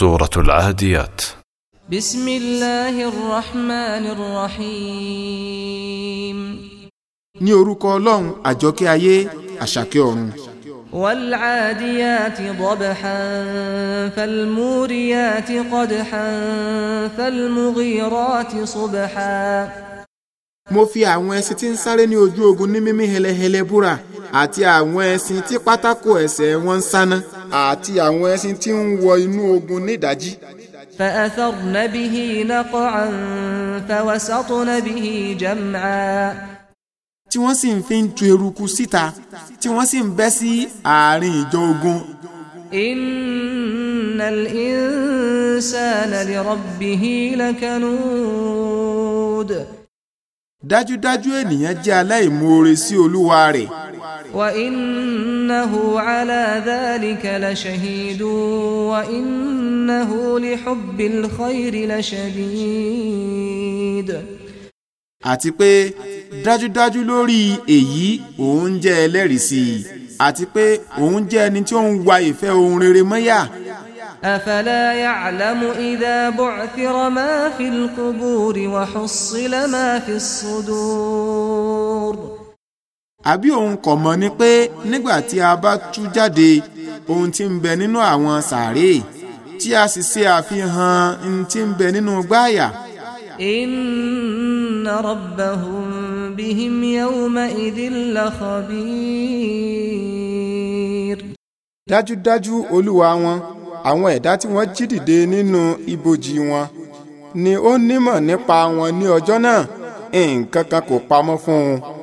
سورة العاديات بسم الله الرحمن الرحيم ní orúkọ ọlọ́run àjọkẹ́ ayé àṣàkẹ́ ọ̀run. والعاديات ضبحا فالموريات قدحا فالمغيرات صبحا. mo fi àwọn ẹṣin tí ń sáré ní ojú ogun ní mímí hẹlẹhẹlẹ búra àti àwọn ẹṣin tí pátákó ẹsẹ̀ wọn ń sáná àti àwọn ẹṣin tí ń wọ inú ogun nídàájí. فأثرن به نقعا فوسطن به جمعا tí wọ́n sì ń fi ń tu eruku síta tí wọ́n sì ń bẹ́ sí àárín ìjọ ogun. innal insana li rabbihi lakanud. dájúdájú ènìyàn jẹ́ aláìmoore sí olúwa rẹ̀. وإنه على ذلك لشهيد وإنه لحب الخير لشديد àti pé dájúdájú lórí èyí òun jẹ́ ẹlẹ́rìí sí i àti pé òun jẹ́ ẹni tí ó ń wa ìfẹ́ ohun rere mọ́yà. أفلا يعلم إذا بعثر ما في القبور وحصل ما في الصدور àbí òun kò mọ̀ ni pé nígbà tí a bá tú jáde ohun tí ń bẹ nínú àwọn sàárè tí a sì ṣe àfihàn ohun tí ń bẹ nínú gbáàyà. inna rabbahum bihim yawma idin la khabir. dájúdájú olúwa wọn àwọn ẹ̀dá tí wọ́n jí dìde nínú ibojì wọn ni ó nímọ̀ nípa wọn ní ọjọ́ náà nǹkan kan kò pamọ́ fún un.